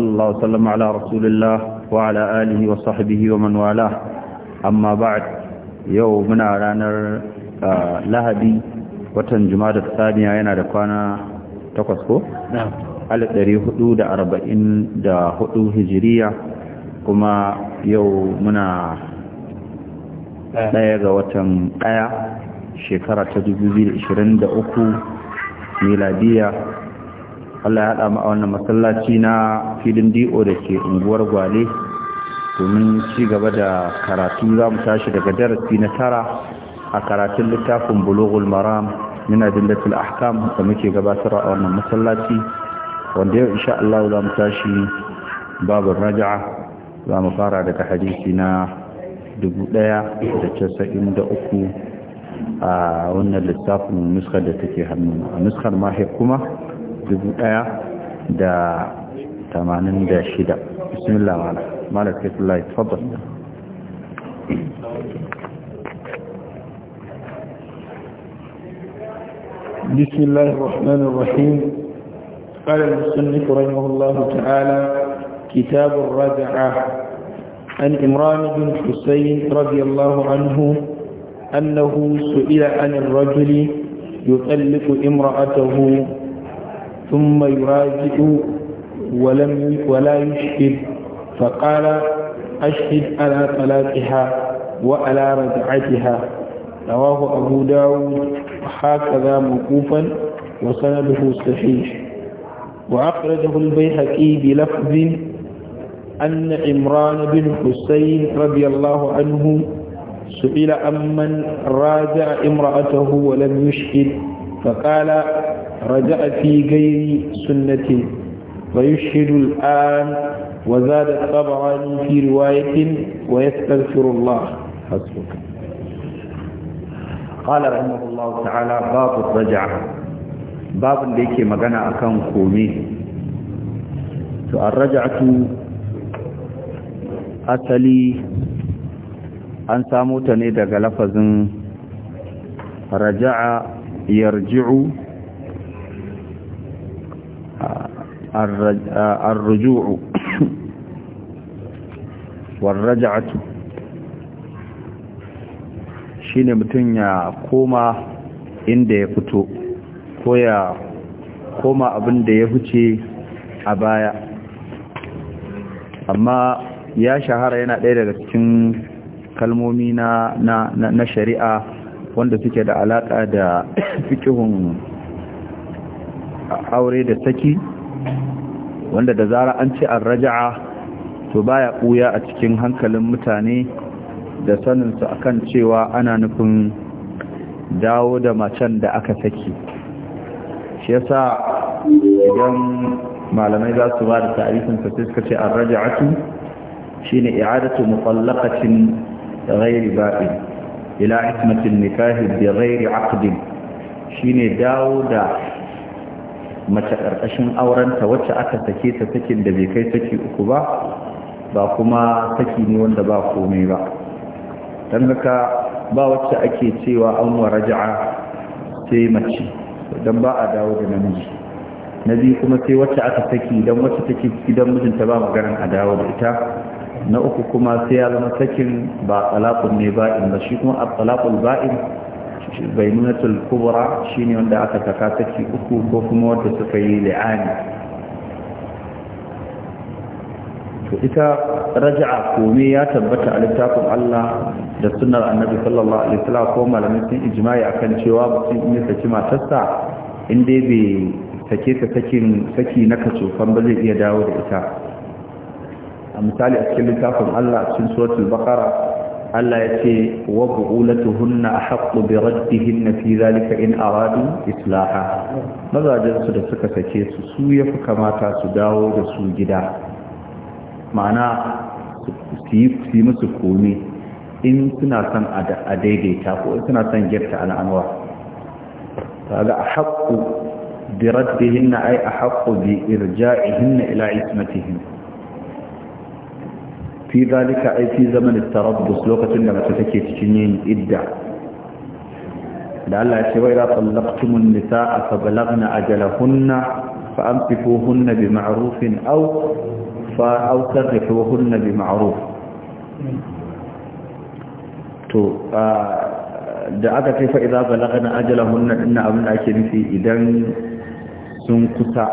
وصلى الله وسلم على رسول الله وعلى آله وصحبه ومن والاه أما بعد يومنا رانا لهدي watan jumada tsaniya yana da kwana takwas ko? ɗari hudu da arba'in da hijiriya kuma yau muna ɗaya ga watan ɗaya shekara ta dubu biyu da ishirin da uku miladiya Allah ya haɗa ma'a wannan masallaci na filin do da ke unguwar gwale domin ci gaba da karatu za mu tashi daga darasi na tara a karatun littafin bulogul maram min adillatul ahkam da muke gabatar a wannan masallaci wanda yau insha Allah za mu tashi babu raja'a za mu fara daga hadisi na uku a wannan littafin nuskar da take hannu a nuskar mahaif kuma 1000 da tamanin بسم الله bismillah مالك كيف الله يتفضل بسم الله الرحمن الرحيم قال المصنف رحمه الله تعالى كتاب الرجعة عن إمران بن حسين رضي الله عنه أنه سئل عن الرجل يطلق امرأته ثم يراجع ولم ولا يشهد فقال أشهد على طلاقها وعلى رجعتها رواه أبو داود وهكذا موقوفا وسنده صحيح وأخرجه البيهقي بلفظ أن عمران بن حسين رضي الله عنه سئل عمن راجع امرأته ولم يشهد فقال رجع في غير سنتي ويشهد الآن وزاد الطبراني في رواية ويستغفر الله حسبك قال رحمه الله تعالى باب الرجعة باب ديك مغنى أكان كومي فالرجعة أتلي an samu ta ne daga lafazin raja'a yarji'u الرجوع warraja'atu shine mutum ya koma inda ya fito ko koma abin da ya huce a baya amma ya shahara yana ɗaya daga cikin kalmomi na, shari'a wanda suke da alaƙa da fikihun aure da saki wanda da zara an ce an raja'a to baya ɓuya a cikin hankalin mutane da saninsu akan cewa ana nufin dawo da macen da aka saki shi yasa idan malamai za su ba da tarihin suka ce an shi shine i'adatu mutallaqatin rairi baɗi ila ismatin nikahi da rairi aqdin shine dawo da mace ƙarƙashin aurenta wacce aka sake ta sakin da bai kai saki uku ba ba kuma saki ne wanda ba komai ba don haka ba wacce ake cewa an wa raja'a sai mace don ba a dawo da namiji na biyu kuma sai wacce aka saki don wacce take gidan mijinta ba maganin a dawo da ita na uku kuma sai ya zama sakin ba talaqun ne ba'in ba shi kuma at-talaqul ba'in bainunatul kubra shine wanda aka saka saki uku ko kuma wanda suka yi li'ani ita raja'a komai ya tabbata a littafin Allah da sunnar annabi sallallahu alaihi wasallam ko malamin sun ijma'i akan cewa mutum in ya saki matarsa in dai bai sake ta sakin saki na kacofan ba zai iya dawo da ita a misali a cikin littafin Allah cikin suratul baqara Allah ya ce wa bu'ulatuhunna ahqqu bi raddihinna fi zalika in aradu islaha mazajen su da suka sake su su yafi kamata su dawo da su gida ma'ana su yi musu komi in suna son a daidaita ko in suna son girta al'anwa kaga ahqqu bi raddihinna ay ahqqu bi irja'ihinna ila ismatihinna fi zalika ai fi zaman tarabbus lokacin da mace take cikin yin idda da Allah ya ce wai la tallaqtumun nisaa fa balagna ajalahunna fa amsikuhunna bi ma'rufin aw fa aw sarrifuhunna bi ma'ruf to da aka ce fa idza balagna ajalahunna inna abin da ake nufi idan sun kusa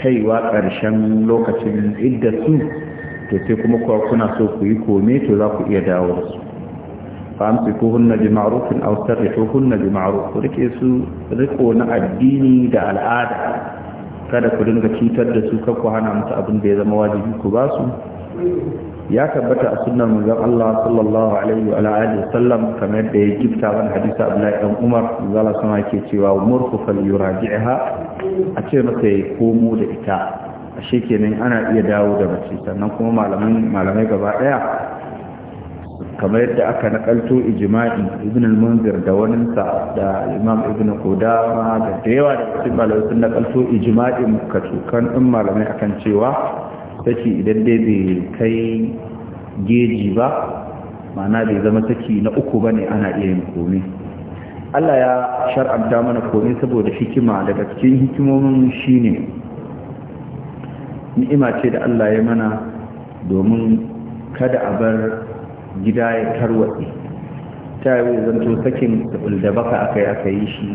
kaiwa ƙarshen lokacin idda su to sai kuma kuwa kuna so ku yi kome to za ku iya dawo da su famsi ko hunna bi ma'rufin aw sarrihu hunna bi ma'ruf rike su riko na addini da al'ada kada ku dinga cutar da su ku hana musu abin da ya zama wajibi ku ba su ya tabbata a sunnar manzon Allah sallallahu alaihi wa alihi sallam kamar yadda ya gifta wani hadisa Abdullahi dan Umar zalla sama yake cewa murku fal yuraji'ha a ce masa ya komo da ita a kenan ana iya dawo da mace sannan kuma malamai gaba daya kamar yadda aka nakalto ijma'i ibn al-munzir da sa da imam ibn qudama da dewa yawa da cikin malamai sun nakalto ijma'in kacukan din malamai akan cewa saki idan dai bai kai geji ba mana bai zama saki na uku bane ana iya yin komai Allah ya shar'anta mana komai saboda hikima daga cikin hikimomin shine ni'ima ce da Allah ya mana domin kada a bar gida ya tarwaɗe ta yi zanto sakin da baka aka yi aka yi shi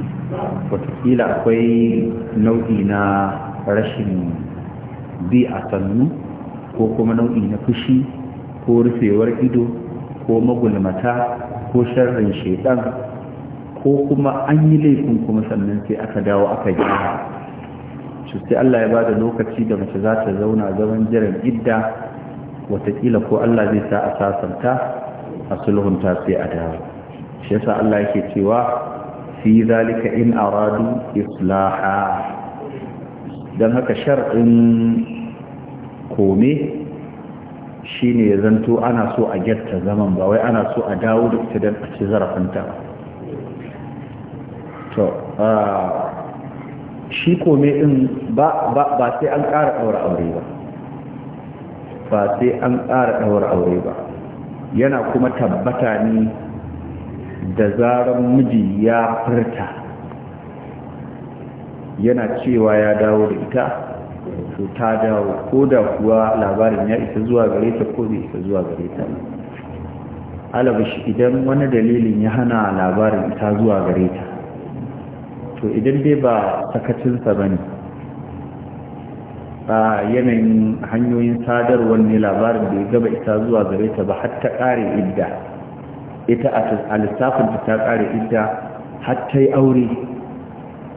watakila akwai nau'i na rashin bi a sannu ko kuma nau'i na fushi ko rufewar ido ko magulmata ko sharrin shaidan ko kuma an yi laifin kuma sannan sai aka dawo aka gina to sai Allah ya bada lokaci da mace za ta zauna zaman jiran idda watakila ko Allah zai sa a sasanta a sulhunta sai a dawo shi yasa Allah yake cewa fi zalika in aradu islaha don haka shar'in kome shine ya zanto ana so a gyatta zaman ba wai ana so a dawo da ita a ci zarafinta to ah, shi kome din ba sai an ƙara ɗaura aure ba ba sai an ƙara ɗaura aure ba yana kuma tabbata ni da zarar miji ya furta yana cewa ya dawo da ita to ta dawo ko da kuwa labarin ya isa zuwa gare ta ko bai isa zuwa gare ta alabashi idan wani dalilin ya hana labarin ita zuwa gare ta to idan dai ba sakacinsa ba ne a yanayin hanyoyin sadarwar ne labarin da ya gaba ita zuwa gare ta ba har ta ƙare idda ita a lissafinta ta ƙare idda har yi aure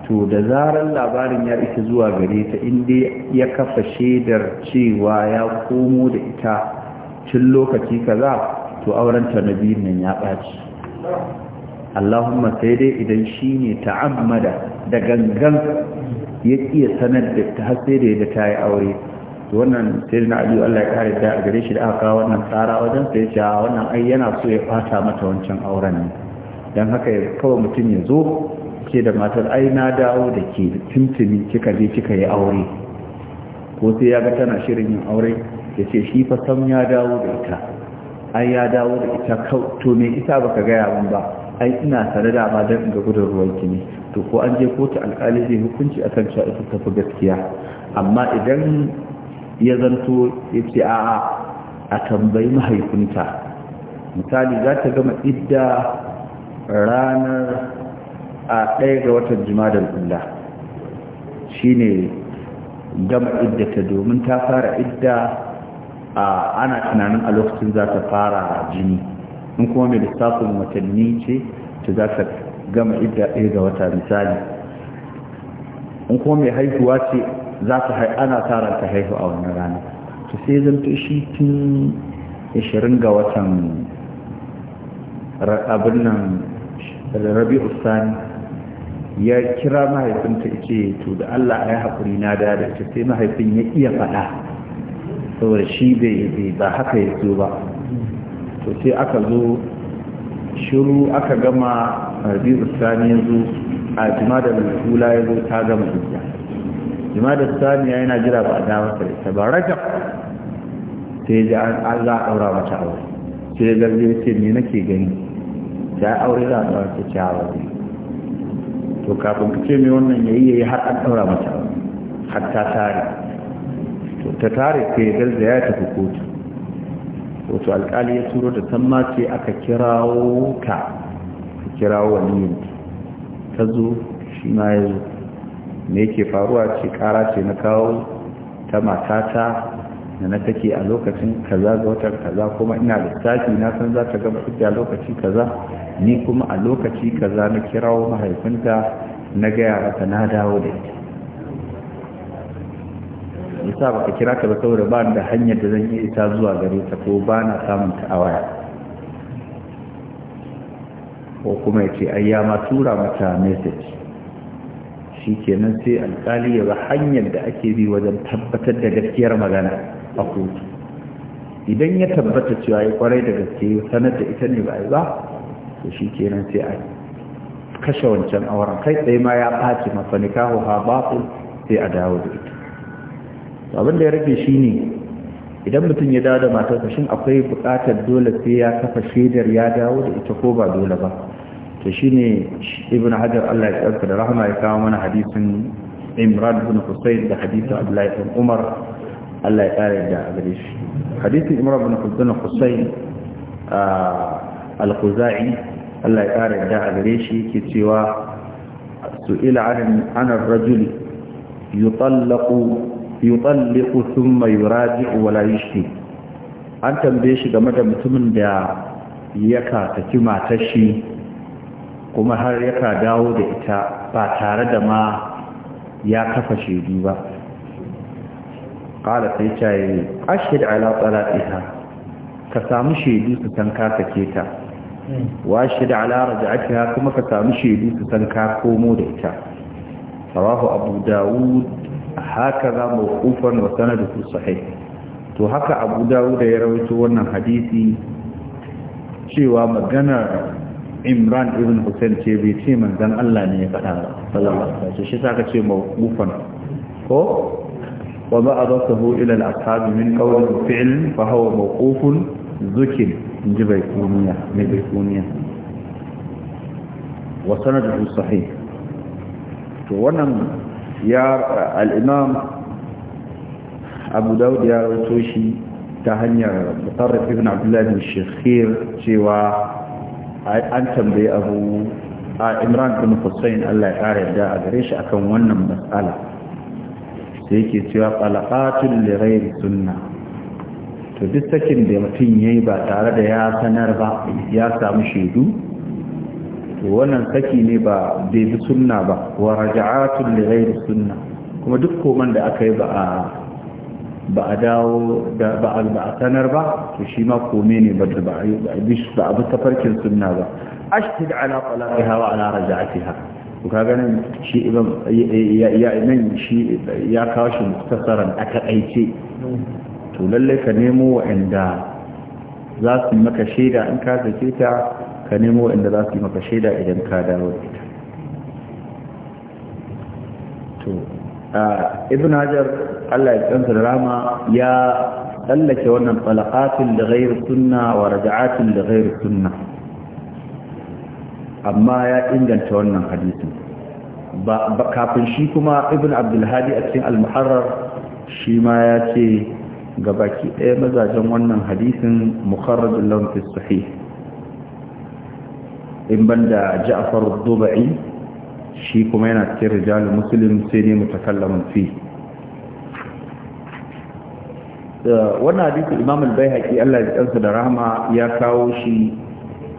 to da zarar labarin ya isa zuwa gare ta inda ya kafa shaidar cewa ya komo da ita cin lokaci kaza to aurenta na biyun nan ya ɓaci Allahumma sai dai idan shi ne ta'ammada da gangan ya iya sanar da ta da ya ta yi aure wannan sai na aliyu Allah ya kare da a gare shi da aka wannan tsara wajen sai ya wannan ai yana so ya fata mata wancan auren ne dan haka ya kawo mutum ya zo ke da matar ai na dawo da ke tuntuni kika je kika yi aure ko sai ya ga tana shirin yin aure ya ce shi fa sam ya dawo da ita ai ya dawo da ita to me ita baka gaya min ba ai ina tare da ma dan ga gudun ruwan ki to ko an je kotu alkali zai hukunci akan cewa ita fi gaskiya amma idan ya zanto ya ce a'a a tambayi mahaifinta misali za ta gama idda ranar a ɗaya ga watan jimadar kula shi ne gama iddata domin ta fara idda a ana tunanin a lokacin za ta fara jini in kuma mai lissafin watanni ce ta za ta gama idda ɗaya ga wata misali in kuma mai haihuwa ce za ta hai ana tara ta haihu a wannan rana to sai zan zanto shi tun 20 ga watan abin nan rabi sani ya kira mahaifinta ce to da Allah a ya haƙuri na da da sai mahaifin ya iya faɗa saboda shi bai ba haka ya zo ba to sai aka zo shiru aka gama rabi'u sani ya zo a jimadar hula ya zo ta gama hijja jimadar sani ya yana jira ba a dama ta ita ba rajab sai ji an za a ɗaura mata aure sai ya zarge ya ce me nake gani ta aure za a ɗaura ta ci aure to kafin ka ce me wannan ya yi ya yi har an ɗaura mata aure har ta tare to ta tare ta ya zarge ya tafi kotu wato alkali ya turo da tamma ce aka kirawo ka ka kirawo waliyin ta zo shi ma ya zo me yake faruwa ce kara ce na kawo ta matata da na take a lokacin kaza ga watan kaza kuma ina littafi na san za ta gama hujja lokaci kaza ni kuma a lokaci kaza na kirawo mahaifinta na gaya mata na dawo da ita yasa baka kira ka ba saboda ba da hanyar da zan yi ita zuwa gare ta ko ba na samun ta a waya ko kuma ya ce ai ya ma tura mata message shi kenan sai alƙali ya ba hanyar da ake bi wajen tabbatar da gaskiyar magana a kotu idan ya tabbata cewa ya kwarai da gaske sanar da ita ne ba ba to shi kenan sai a kashe wancan auren kai tsaye ma ya ɓaci mafanika ha babu sai a dawo da ita abin da ya rage shi ne idan mutum ya dawo da matarsa shin akwai bukatar dole sai ya kafa shaidar ya dawo da ita ko ba dole ba to shi ne ibn hajar Allah ya tsarka da rahama ya kawo mana hadisin imran ibn husayn da hadisin abdullahi ibn umar Allah ya kare da gare shi hadisin imran ibn husayn al-khuzai Allah ya kare da gare shi ke cewa su'ila an an ar-rajul yutallaqu yutalliqu thumma yuraji'u wala yushki an tambaye shi game da mutumin da ya ka saki matar shi kuma har ya ka dawo da ita ba tare da ma ya kafa shaidu ba qala sai ta yi ashhad ala talatiha ka samu shaidu su san ka sake ta wa ashhad ala raj'atiha kuma ka samu shaidu su san ka komo da ita rawahu abu dawud hakaza mawqufan wa sanaduhu sahih to haka Abu Dawud ya rawaito wannan hadisi cewa magana Imran ibn Hussein ce bai ce manzon Allah ne ya faɗa ba sallallahu alaihi wasallam shi saka ce mawqufan ko wa ba'adahu ila al-ashab min qawl fi'l fa huwa mawqufun zukin inji bai kuniya ne bai kuniya wa sanaduhu sahih to wannan ya al-imam abu daud ya rawaito shi ta hanyar mutarrif ibn abdullahi bin cewa an tambaye abu a imran bin hussein Allah ya kare da a gare shi akan wannan matsala sai yake cewa qalaqatul li sunna to duk sakin da mutum yayi ba tare da ya sanar ba ya samu shaidu to wannan saki ne ba bai bi sunna ba wa raja'atun li ghairi sunna kuma duk koman da aka yi ba a ba a dawo da ba a ba sanar ba to shi ma kome ne ba ba a bi ba a bi tafarkin sunna ba ashhad ala talaqiha wa ala raja'atiha to kaga nan shi ibn ya nan shi ya kawo shi muktasaran aka aice to lalle ka nemo wa'anda za su maka shaida in ka sake ta ka nemo inda za su yi maka shaida idan ka dawo da ita to ibn hajar allah ya kansa da rama ya tsallake wannan falakatin da gairu sunna wa raja'atin da gairu sunna amma ya inganta wannan hadisin kafin shi kuma ibn abdulhadi a cikin al-muharrar shi ma ya ce ga baki ɗaya mazajen wannan hadisin mukharrajul lawn fi sahih in banda ja'far dubai shi kuma yana cikin rijal muslim sai ne mutakallamin fi wannan hadisi imam al-baihaqi Allah ya kansa da rahama ya kawo shi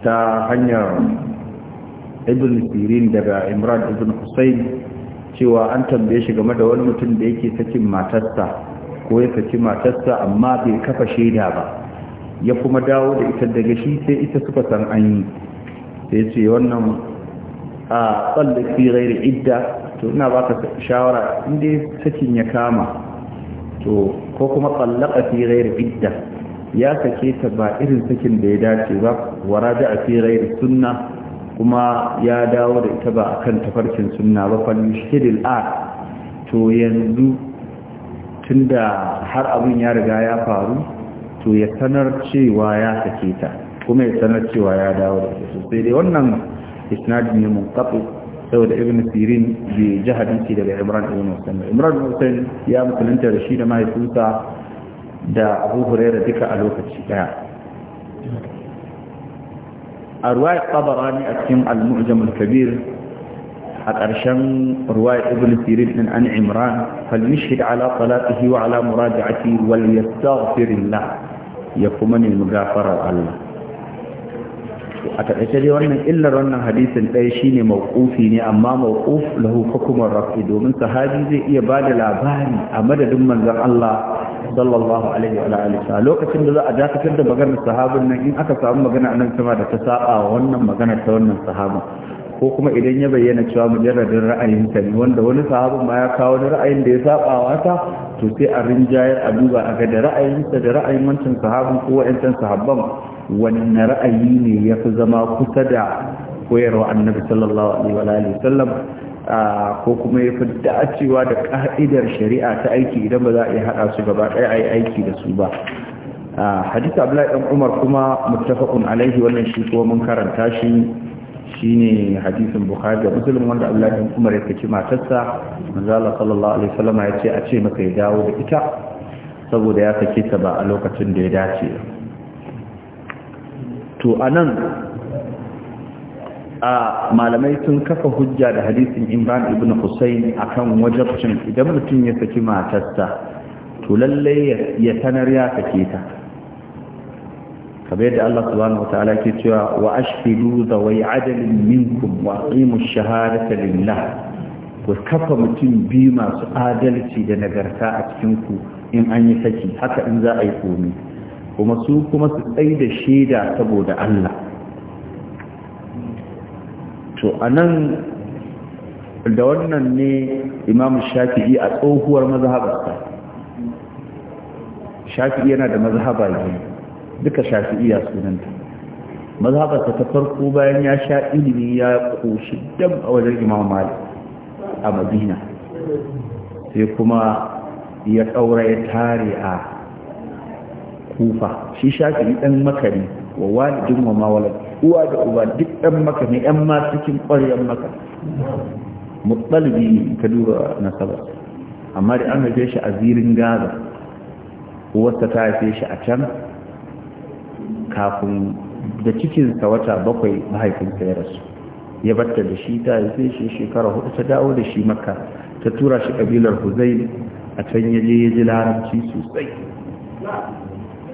ta hanyar ibn sirin daga imran ibn husayn cewa an tambaye shi game da wani mutum da yake sakin matarsa ko ya saki matarsa amma bai kafa shaida ba ya kuma dawo da ita daga shi sai ita suka san an yi ya ce wannan a fi rairi idda to ina baka shawara inda sakin ya kama to ko kuma tsallaka fi rairi idda ya sake ta ba irin sakin da ya dace ba wara da a fi rairi sunna kuma ya dawo da ita ba a kan tafarkin sunna ba falli shidil a to yanzu tunda har abin ya riga ya faru to ya sanar cewa ya sake ta kuma ya sanar cewa ya dawo da su sai dai wannan isnadi ne mun kafa saboda ibn sirin bai ji hadisi daga imran ibn hussein imran hussein ya musulunta da shi da mahaifinsa da abu huraira duka a lokaci daya a ruwayar tsabarani a cikin al-mu'jam kabir a ƙarshen ruwaya ibn sirin din an imran falmishid ala salatihi wa ala muraja'ati wal yastaghfirillah ya kuma nemi gafarar Allah a taƙaice dai wannan illar wannan hadisin ɗaya shine mawqufi ne amma mawquf lahu hukumar rafi domin sahabi zai iya ba da labari a madadin manzon Allah sallallahu alaihi wa alihi lokacin da za a dakatar da maganar sahabin nan in aka samu magana nan sama da ta saba wannan magana ta wannan sahabin ko kuma idan ya bayyana cewa mujarradin ra'ayinsa ne wanda wani sahabin ma ya kawo da ra'ayin da ya saba wata to sai a rinjayar a duba a ga da ra'ayinsa da ra'ayin wancan sahabin ko wa'ancan sahabban wanne ra'ayi ne ya fi zama kusa da koyarwa annabi sallallahu alaihi wa alihi sallam ko kuma ya fi dacewa da ka'idar shari'a ta aiki idan ba za a iya haɗa su gaba ɗaya a yi aiki da su ba hadisi abdullahi dan umar kuma muttafaqun alaihi wannan shi kuma mun karanta shi shine hadisin bukhari da muslim wanda Allah ya kuma ya saki matarsa manzala sallallahu alaihi wasallam ya ce a ce maka ya dawo da ita saboda ya sake ta ba a lokacin da ya dace to anan a malamai sun kafa hujja da hadisin Imran ibn Husayn akan wajabcin idan mutum ya saki matarsa to lalle ya sanar ya sake ta kamar yadda Allah subhanahu wa ta'ala ke cewa wa ashhidu zawai adalin minkum wa aqimu shahadata lillah ku kafa mutum biyu masu adalci da nagarta a cikin ku in an yi saki haka in za a yi komi kuma su kuma su tsaye da shaida saboda Allah to anan da wannan ne imam shafi'i a tsohuwar mazhabarsa shafi'i yana da mazhaba biyu duka shafi iya sunanta mazhabarsa ta farko bayan ya sha ilimi ya koshi dam a wajen imam malik a madina sai kuma ya ƙaura tare a kufa shi shafi ɗan makari wa walidin wa mawalar uwa da uba duk ɗan maka ne ‘yan ma cikin ƙwariyar maka mutsalibi ka duba nasabar amma da an haife shi a zirin gaza uwarsa ta haife shi a can kafin da cikinsa wata bakwai mahaifinsa ya rasu ya batta da shi ta yi shi shekara hudu ta dawo da shi maka ta tura shi kabilar huzail a can ya je ya ji larabci sosai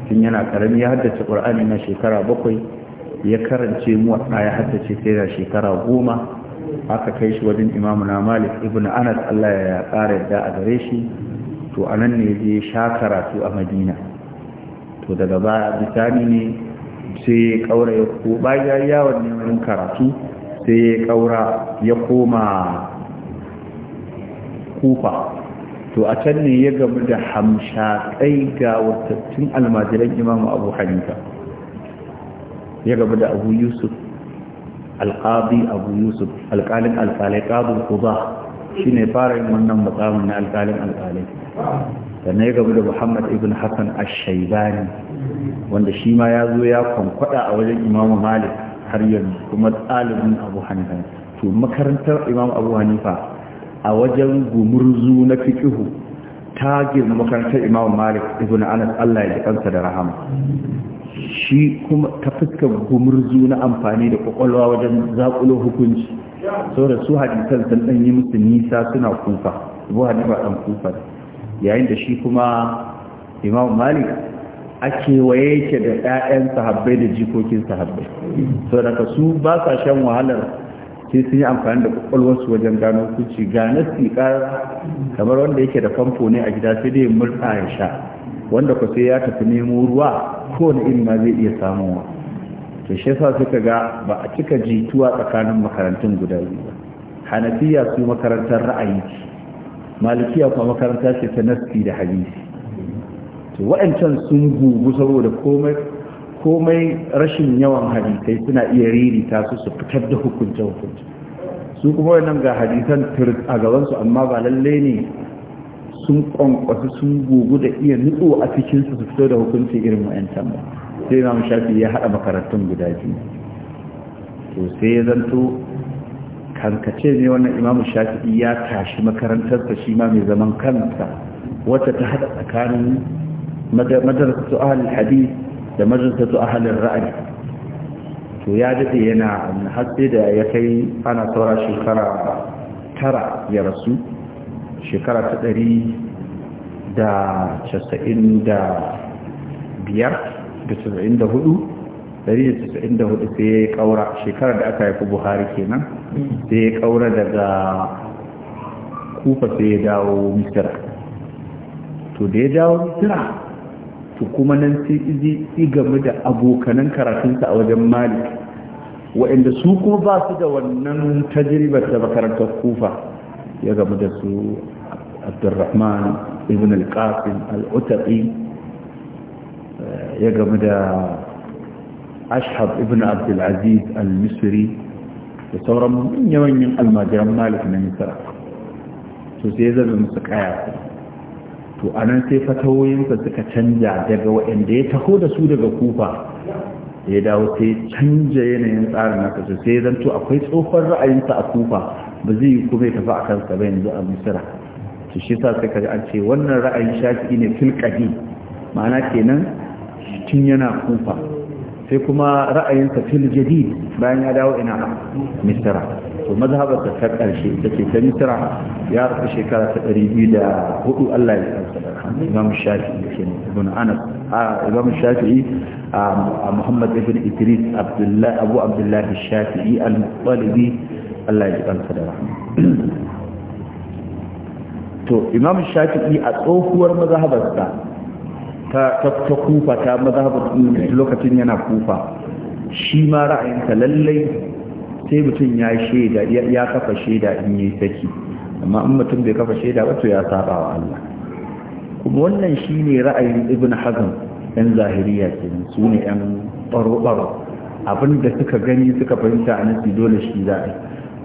tun yana karami ya haddace ƙur'ani na shekara bakwai ya karance mu a ya haddace sai da shekara goma aka kai shi wajen imamu na malik ibn anas allah ya ƙara yadda a gare shi to a nan ne ya je sha karatu a madina to daga baya bisani ne sai ya kaura ya ko bayan yawon neman karatu sai ya kaura ya koma kufa to a can ne ya gamu da kai ga watattun almajiran imamu abu hanifa ya gamu da abu yusuf alƙabi abu yusuf alƙalin alƙalai ƙabin kuba shi ne fara yin wannan matsamin na alƙalin alƙalai sannan ya gamu da muhammad ibn hassan ashaibani wanda shi ma ya zo ya kwankwada a wajen imamu malik har yanzu kuma ɗalibin abu hanifa to makarantar imamu abu hanifa a wajen gumurzu na fikihu ta girma makarantar imamu malik ibn anas allah ya ji kansa da rahama shi kuma ta fuskar gumurzu na amfani da kwakwalwa wajen zakulo hukunci saboda su hadisan sun ɗan yi musu nisa suna kufa abu hanifa ɗan kufa yayin da shi kuma imamu malik a kewaye yake da 'ya'yan sahabbai da jikokin sahabbai so daga su ba sa shan wahalar sai sun yi amfani da kwakwalwarsu wajen gano kuci ga nasi ƙara kamar wanda yake da famfo ne a gida sai dai murta ya sha wanda ku sai ya tafi nemo ruwa na irin ma zai iya samuwa to shi yasa suka ga ba a cika jituwa tsakanin makarantun guda biyu ba hanafiya su makarantar ra'ayi malikiya kuma makaranta ce ta nasfi da hadisi to waɗancan sun gugu saboda komai komai rashin yawan hadisai suna iya ririta su su fitar da hukunce hukunce su kuma wannan ga hadisan a gabansu amma ba lalle ne sun kwankwasu sun gugu da iya nutso a cikinsu su fito da hukunci irin wa'ancan ba sai imam shafi ya haɗa makarantun guda biyu to sai ya zanto kankace ne wannan imam shafi ya tashi makarantarsa shi ma mai zaman kansa wacce ta haɗa tsakanin madrasatu ahlul hadith da madrasatu ahlul ra'ayi to ya dade yana har da ya kai ana saura shekara tara ya rasu shekara ta ɗari da casa'in da biyar da casa'in da hudu ɗari da casa'in da hudu sai ya yi ƙaura shekarar da aka haifi buhari kenan sai ya ƙaura daga kufa sai ya dawo misira to da ya dawo misira to kuma nan sai iji izi game da abokanan karatunsa a wajen malik wa'inda su kuma ba su da wannan tajribar ta makarantar kufa ya game da su abdurrahman ibn al-qasim al-utaqi ya game da ashab ibn abdulaziz al-misri da sauran yawan yin almajiran malik na misra to sai ya zama musu kaya to anan nan sai fatawoyinsa suka canja daga waɗanda ya taho da su daga kufa ya dawo sai canja yanayin tsarin nasa su sai zanto akwai tsohon ra'ayinsa a kufa ba zai kuma ya tafi a kansa ba yanzu a misira to shi sa suka ji an ce wannan ra'ayin shafi ne filƙadi ma'ana kenan tun yana kufa sai kuma ra'ayinsa fil jadid bayan ya dawo ina a misira to mazhabarsa ta ƙarshe ita ce ta misra ya rufe shekara ta ɗari biyu da hudu allah ya kansa da imam shafi'i ke ibn anas a imam shafi'i a muhammad ibn idris abdullahi abu abdullahi shafi al-muqtalibi allah ya kansa da rahama to imam shafi a tsohuwar mazhabarsa ta ta kufa ta mazhabar lokacin yana kufa shi ma ra'ayinsa lallai sai mutum ya shaida ya kafa shaida in yi saki amma in mutum bai kafa shaida ba to ya saba wa Allah kuma wannan shine ra'ayin ibn hazm yan zahiriya ce su ne yan baro baro abin da suka gani suka fahimta a nasi dole shi za a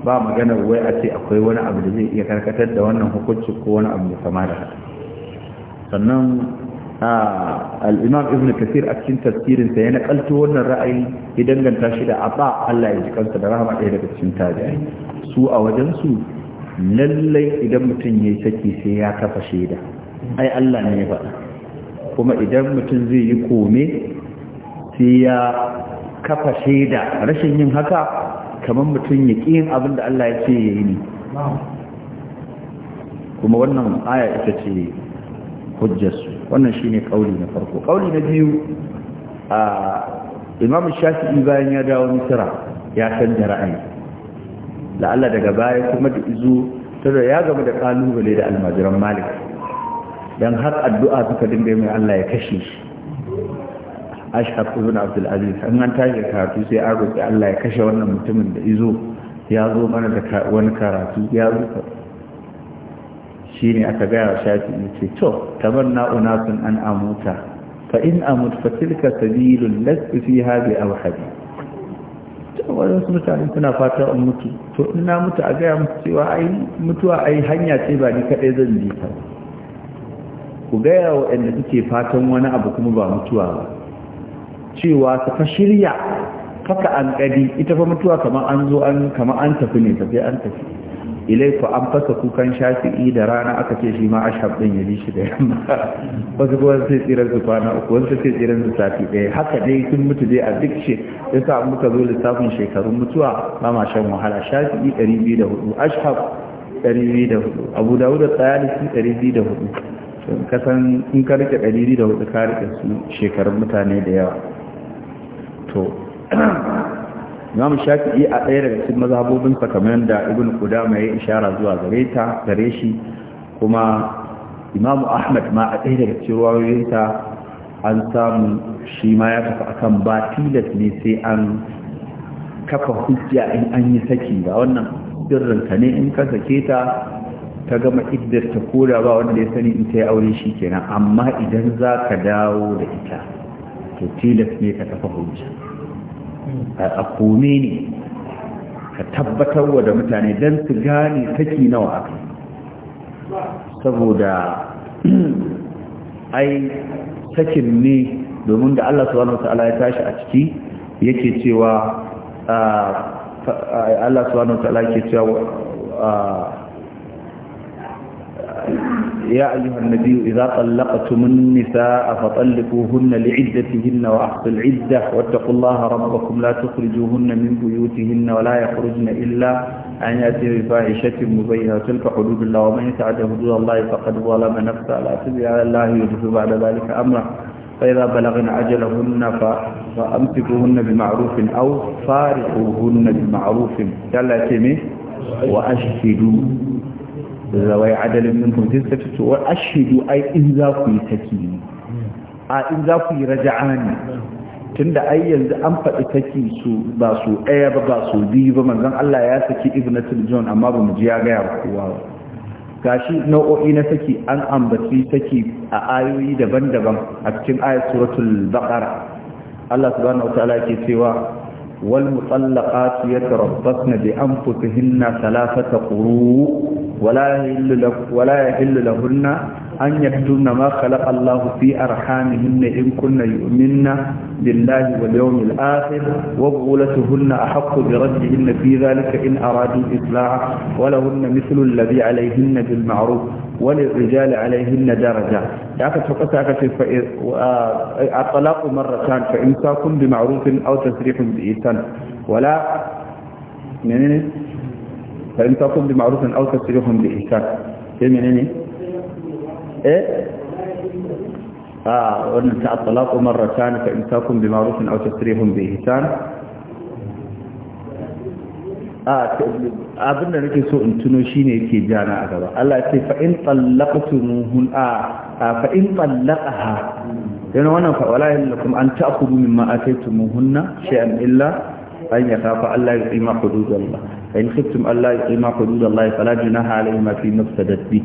ba magana wai a ce akwai wani abu da zai iya karkatar da wannan hukunci ko wani abu da kama da haka sannan al'imam ibn kasir a cikin tafsirinsa ya nakalto wannan ra'ayi ya danganta shi da aba Allah ya ji kansa da rahama ɗaya daga cikin tabi'ai su a wajensu lallai idan mutum ya yi saki sai ya kafa shaida ai Allah ne ba kuma idan mutum zai yi kome sai ya kafa shaida rashin yin haka kamar mutum ya ƙi abin da Allah ya ce ya yi ne kuma wannan aya ita ce hujjarsu wannan shine kauli na farko kauli na biyu a imam shafi'i bayan ya dawo Misira ya canja ra'ayi la'alla daga baya kuma da izu tada ya gama da ƙalubale da almajiran malik dan har addu'a suka dinga mai Allah ya kashe shi ashab ibn abdul an an tashi karatu sai an roƙi Allah ya kashe wannan mutumin da izo ya zo mana da wani karatu ya zo shi ne aka gaya wa shafi ce to kamar na'una sun an amuta fa in amut fa tilka sabilun lasu fi hadi aw hadi to wannan ta mutane suna fata in mutu to in na mutu a gaya mutu cewa ai mutuwa ai hanya ce ba ni kadai zan bi ta ku gaya wa inda kuke fatan wani abu kuma ba mutuwa ba cewa ta fa shirya faka an gadi ita fa mutuwa kamar an zo an kamar an tafi ne fa sai an tafi ilaiku an fasa kukan shafi'i da rana aka ce shi ma ashab din ya shi da yamma wasu kuma sai tsiran su kwana uku wasu sai tsiran su sati ɗaya haka dai sun mutu dai a duk shi ya sa muka zo lissafin shekarun mutuwa ba ma shan wahala shafi'i ɗari biyu da hudu ashab ɗari biyu da hudu abu dawud da tsayalisi ɗari biyu da hudu kasan in ka rike ɗari biyu da hudu ka rike su shekarun mutane da yawa to imam shafi'i a ɗaya daga cikin mazhabobin kamar da ibn qudama ya ishara zuwa gare ta gare shi kuma imam ahmad ma a ɗaya daga cikin ta an samu shi ma ya tafi akan ba ne sai an kafa hujja in an yi saki ga wannan ka ne in ka sake ta ta gama iddar ta koda ba wanda ya sani in ta yi aure shi kenan amma idan za ka dawo da ita to tilas ne ka tafa hujja a kome ne ka tabbatar wa da mutane don su gane saki nawa kai saboda ai sakin ne domin da Allah subhanahu ta'ala ya tashi a ciki yake cewa Allah subhanahu ta'ala yake cewa يا أيها النبي إذا طلقتم النساء فطلقوهن لعدتهن وأحصوا العدة واتقوا الله ربكم لا تخرجوهن من بيوتهن ولا يخرجن إلا أن يأتي بفاحشة مبينة تلك حدود الله ومن يتعدى حدود الله فقد ظلم نفسه لا تبي على الله يجب بعد ذلك أمره فإذا بلغن أجلهن فأمسكوهن بمعروف أو فارقوهن بمعروف ثلاثة وأشهدوا zawai adalin minkum sai suka ce wa ashidu ai in za ku yi saki a in za ku yi raja'a ne tunda ai yanzu an faɗi saki su ba su ɗaya ba ba su biyu ba manzon Allah ya saki ibnatul john amma ba mu ji ya gaya ba kowa gashi nau'o'i na saki an ambaci saki a ayoyi daban-daban a cikin ayat suratul baqara Allah subhanahu wataala yake cewa wal mutallaqatu yatarabbasna bi anfusihinna thalathata quru ولا يحل له ولا يحل لهن أن يكتمن ما خلق الله في أرحامهن إن كن يؤمن بالله واليوم الآخر وبعولتهن أحق بردهن في ذلك إن أرادوا الإصلاح ولهن مثل الذي عليهن بالمعروف وللرجال عليهن درجة لكن فقط الطلاق مرتان فإمساك بمعروف أو تسريح بإيسان ولا يعني فإن تقوم أو ta talaqu marratan fa imsakun bi ma'ruf nake so in tuno shine yake jana a gaba a fa in talaqaha dan illa أن يخاف ألا يقيم حدود الله فإن خفتم ألا يقيم حدود الله فلا جناح عليهما فيما افتدت به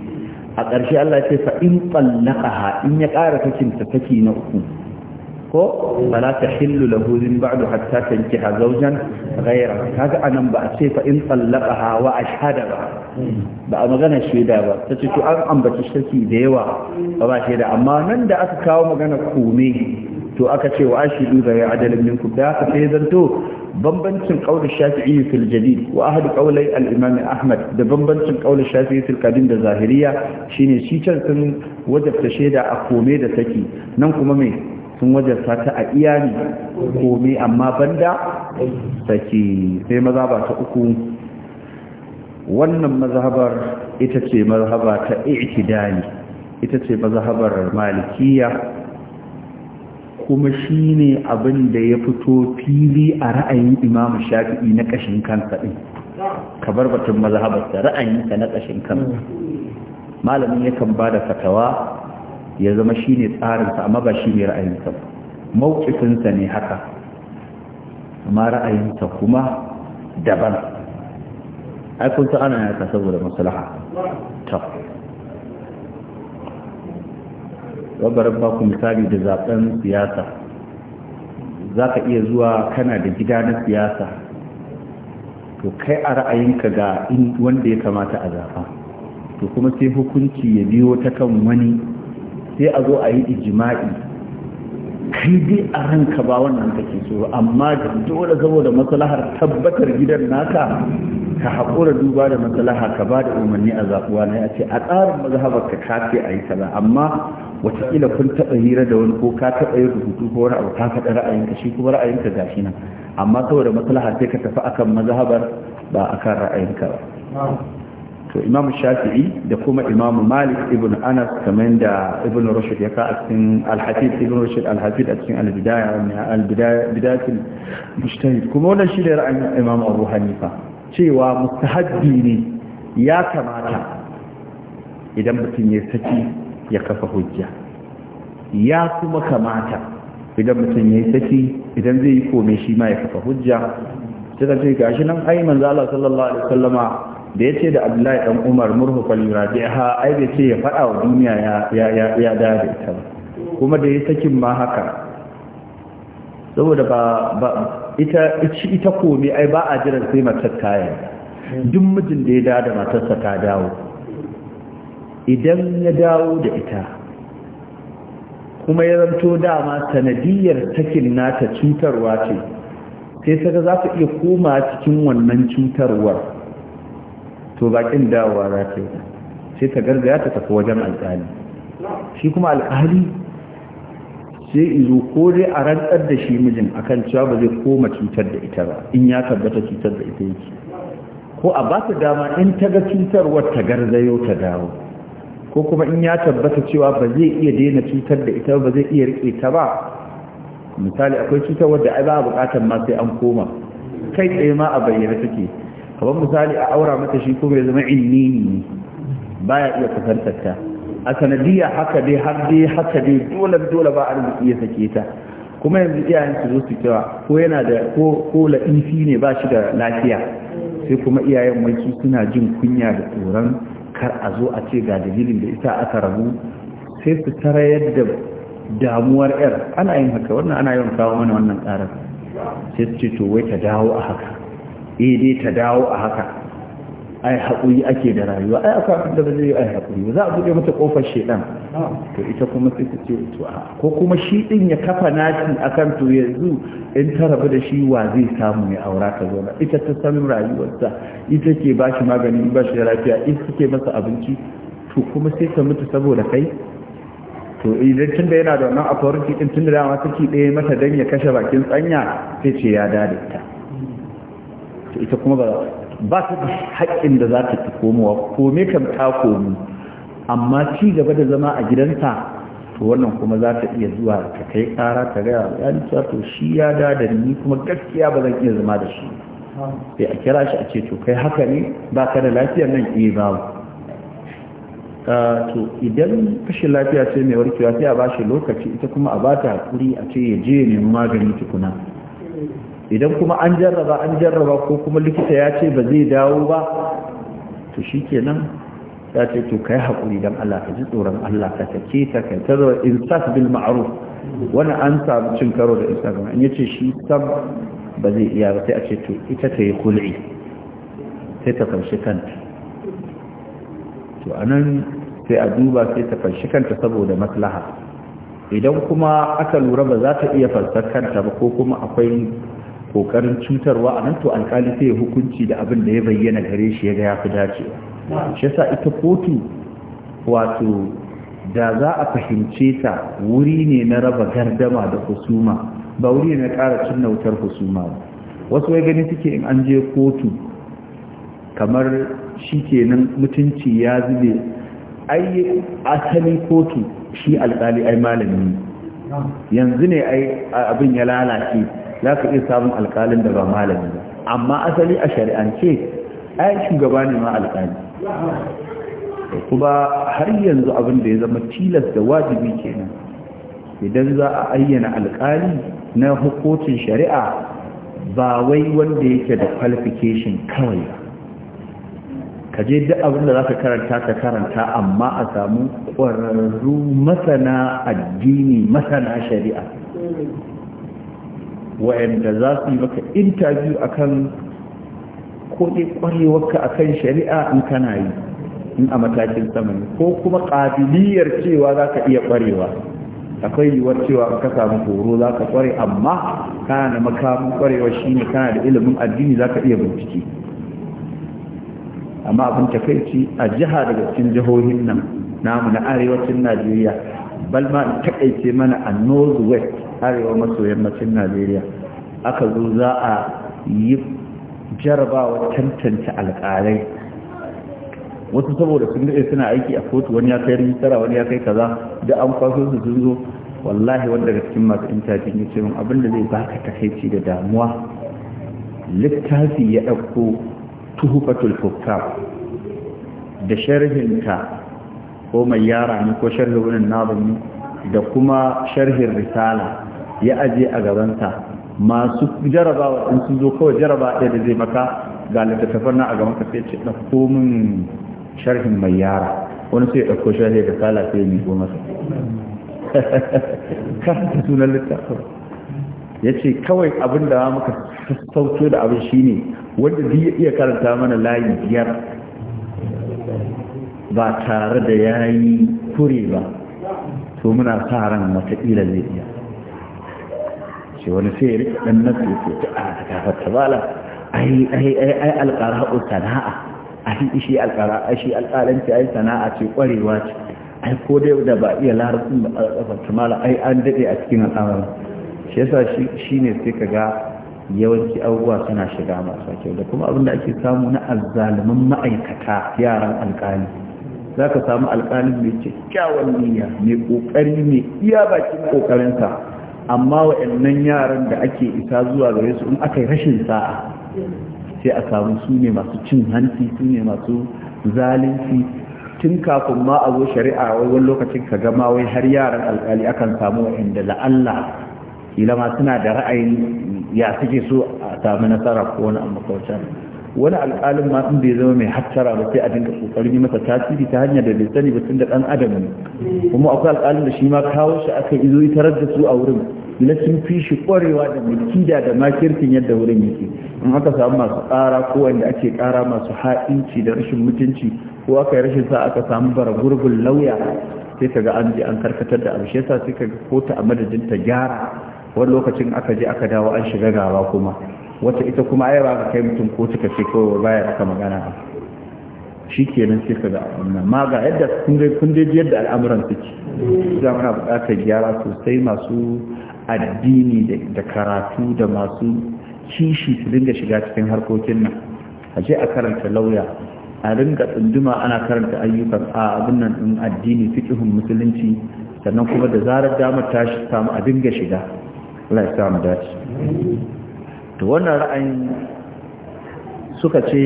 أقرشي الله يقول فإن طلقها إن يقارك كنت فكي نؤكم فلا تحل له من بعد حتى تنكح زوجا غيره هذا أنا بأسي فإن طلقها وأشهد بها بقى مغنى الشهداء بقى تتشو أم أم بتشتكي ديوا فما شهداء أما نندأ أتكاو مغنى كومي to aka ce wa ashidu da ya adalin minkum da aka sai zanto bambancin qaul shafi'i fil jadid wa ahad al imam ahmad da bambancin qaul shafi'i fil qadim da zahiriya shine shi can sun wajabta shaida a kome da saki nan kuma me sun wajabta ta a iyani kome amma banda saki sai maza ba ta uku wannan mazhabar ita ce mazhaba ta i'tidali ita ce mazhabar malikiya kuma shi ne abin da ya fito fili a ra'ayin imamu shafi'i na ƙashin kansa ɗin ka bar batun mazhabarsa ra'ayinsa na ƙashin kansa malamin yakan ba da fatawa ya zama shi ne tsarinsa amma ba shi ne ra'ayinsa mawukifinsa ne haka amma ra'ayinsa kuma daban aikunsa ana yaka saboda maslaha to wabarar baku misali da zaben siyasa za ka iya zuwa kana da gida na siyasa to kai a ra'ayinka ga wanda ya kamata a zaɓa to kuma sai hukunci ya biyo ta kan wani sai a zo a yi ijima'i kai dai a ranka ba wannan kake so amma da dole saboda maslahar tabbatar gidan naka ka haƙura duba da matsalaha ka ba da umarni a zaɓuwa na ya ce a tsarin mazhabar ka kafe a yi kaza amma wataƙila kun taɓa hira da wani ko ka taɓa yin rubutu ko wani abu ka faɗa ra'ayinka shi kuma ra'ayinka shi nan amma saboda matsalaha sai ka tafi akan mazhabar ba akan ra'ayinka ba to imam shafi'i da kuma imam malik ibn anas kamar da ibn rashid ya ka a cikin al-hafiz ibn al-hafiz a cikin al-bidaya al-bidaya kuma wannan shi da ra'ayin imam abu hanifa cewa mustahaddi ne ya kamata idan mutum ya saki ya kafa hujja ya kuma kamata idan mutum ya saki idan zai yi kome shi ma ya kafa hujja sai ka ce gashi nan ai manzo Allah sallallahu alaihi wasallama da yace da Abdullahi dan Umar murhu fal yuradiha ai bai ce ya fada wa duniya ya ya ya da ita kuma da ya sakin ma haka saboda ba ita ita komai ai ba a jiran sai matar ta duk mijin da ya dawo da matarsa ta dawo idan ya dawo da ita kuma ya zanto dama sanadiyar takin nata cutarwa ce sai saka za ta iya koma cikin wannan cutarwar to bakin dawowa za ta yi sai ta gargaya ta tafi wajen alƙali shi kuma alƙali sai izo ko dai a rantsar da shi mijin akan cewa ba zai koma cutar da ita ba in ya tabbata cutar da ita yake ko a ba ta dama in ta ga cutarwar ta garzayo ta dawo ko kuma in ya tabbata cewa ba zai iya daina cutar da ita ba zai iya rike ta ba misali akwai cutar wadda ai ba bukatar ma sai an koma kai tsaye ma a bayyana take kamar misali a aura mata shi kuma ya zama ne baya iya kusantar ta a sanadiyya haka dai har dai haka dai dole dole ba arziki ya sake ta kuma yanzu iyayen su zo su cewa ko yana da ko ko la'ifi ne ba shi da lafiya sai kuma iyayen mai suna jin kunya da tsoron kar a zo a ce ga dalilin da ita aka rabu sai su tara yadda damuwar yar ana yin haka wannan ana yawan kawo mana wannan karar sai su ce to wai ta dawo a haka eh dai ta dawo a haka ai haƙuri ake da rayuwa ai aka da ba zai yi ai haƙuri za a buɗe mata ƙofar shedan to ita kuma sai ta ce to a ko kuma shi din ya kafa nati akan to yanzu in ta rabu da shi wa zai samu ya aura ka zauna ita ta san rayuwarsa ita ke ba shi magani ba shi da lafiya ita ke masa abinci to kuma sai ta mutu saboda kai to idan tun da yana da wannan authority din tun da dama take ɗaya mata dan ya kashe bakin tsanya sai ce ya dade ta ita kuma ba ba su da haƙƙin da za ta ci komowa kome kan ta komi amma ci gaba da zama a gidanta to wannan kuma za ta iya zuwa ta kai ƙara ta gaya ya cewa to shi ya da da ni kuma gaskiya ba zan iya zama da shi sai a kira shi a ce to kai haka ne ba ka da lafiyar nan iya eh, ba? to idan kashin lafiya sai mai warkewa sai a ba shi lokaci ita kuma a ba ta haƙuri a ce ya je nemi magani tukuna idan kuma an jarraba an jarraba ko kuma likita ya ce ba zai dawo ba to shi kenan ya ce to kai haƙuri don Allah ka ji tsoron Allah ka ke ta kai ta zo insaf bil ma'aruf wani an samu cin karo da Instagram in yace shi sam ba zai iya ba sai a ce to ita ta yi kul'i sai ta karshe kanta to nan sai a duba sai ta karshe kanta saboda maslaha idan kuma aka lura ba za ta iya fansar kanta ba ko kuma akwai kokarin cutarwa a nan to alkali sai ya hukunci da abin da ya bayyana gare shi ya ga ya fi dace shi yasa ita kotu wato da za a fahimce ta wuri ne na raba gardama da husuma ba wuri ne na ƙara cinna wutar husuma ba wasu wai gani suke in an je kotu kamar shi kenan mutunci ya zube ai asali kotu shi alkali ai malami yanzu ne ai abin ya lalace za ka iya samun alƙalin da ba malami ba. amma asali a shari'ance ai shugaba ne ma alkali kuma har yanzu abin da ya zama tilas da wajibi kenan idan za a ayyana alƙali na hukuncin shari'a ba wai wanda yake da qualification kawai ka je duk abin da za ka karanta ka karanta amma a samu ƙwararru masana addini masana shari'a wa'anda za su yi maka interview akan ƙwarewarka a kan shari'a in kana yi in a matakin sama ko kuma ƙabiliyar cewa za ka iya kwarewa akwai yiwuwar cewa ka samu horo za ka kware amma kana da makamin kwarewa shine kana da ilimin addini za ka iya bincike amma abin takaici a jiha daga cikin jihohin nan namu na arewacin najeriya bal ma takaice mana a northwest arewa maso yammacin najeriya aka zo za a yi jarabawa tantance alƙalai wasu saboda sun daɗe suna aiki a kotu wani ya kai rijistara wani ya kai kaza da an kwaso su sun zo wallahi wanda ga cikin masu intajin ya ce min abin da zai baka takaici da damuwa littafi ya ɗauko tuhufatul hukam da sharhinta ko mai yara ne ko sharhunin nazumi da kuma sharhin risala ya aje a gabanta masu jarabawa in sun zo kawai jaraba ɗaya da zai maka ga littattafan nan a gaban ka sai ce da komin sharhin mai yara wani sai ya ɗauko sharhin risala sai ya miƙo masa ta sunan littafin ya ce kawai abin da muka sauke da abin shine wanda zai iya karanta mana layi biyar ba tare da ya yi kure ba to muna sa ran wataƙila zai iya ce wani sai ya rika ɗan nasu ce a ta kafa ta bala ai ai ai ai alqara sana'a ai shi alqara ai shi alƙalanci ai sana'a ce ƙwarewa ce ai ko dai da ba iya larabcin ba alƙafa ta mala ai an daɗe a cikin al'amarin shi yasa shi ne sai ka ga yawanci abubuwa suna shiga masu kyau da kuma abin da ake samu na azzaluman ma'aikata yaran alƙali za ka samu alƙalin mai kyakkyawan niyya mai ƙoƙari mai iya bakin ƙoƙarinsa amma wa'annan yaran da ake isa zuwa gare su in aka yi rashin sa'a sai a samu su ne masu cin hanci su ne masu zalunci tun kafin ma a zo shari'a wani lokacin ka gama wai har yaran alƙali akan samu wa'anda la'alla kila ma suna da ra'ayin ya suke so a sami nasara ko wani amma wani alƙalin ma in bai zama mai hattara ba sai a dinga kokarin yi masa tasiri ta hanyar da bai sani ba tun da ɗan adam ne kuma akwai alƙalin da shi ma kawo shi aka izo yi tarar da su a wurin na sun fi shi ƙwarewa da mulki da makirkin yadda wurin yake in aka samu masu ƙara ko wanda ake ƙara masu ha'inci da rashin mutunci ko aka yi rashin sa aka samu bara gurbin lauya sai ka ga an je an karkatar da abu shi yasa sai ka ga kota a madadin ta gyara wani lokacin aka je aka dawo an shiga gaba kuma wata ita kuma ai ba kai mutum ko cika ce ko baya ka magana shi kenan sai ka ga wannan ma ga yadda kun dai yadda al'amuran suke za muna buƙatar gyara sosai masu addini da karatu da masu kishi su dinga shiga cikin harkokin nan a je a karanta lauya a ringa tsunduma ana karanta ayyukan a abin nan din addini fiƙihun musulunci sannan kuma da zarar damar tashi samu a dinga shiga Allah ya samu dace to wannan ra'ayin suka ce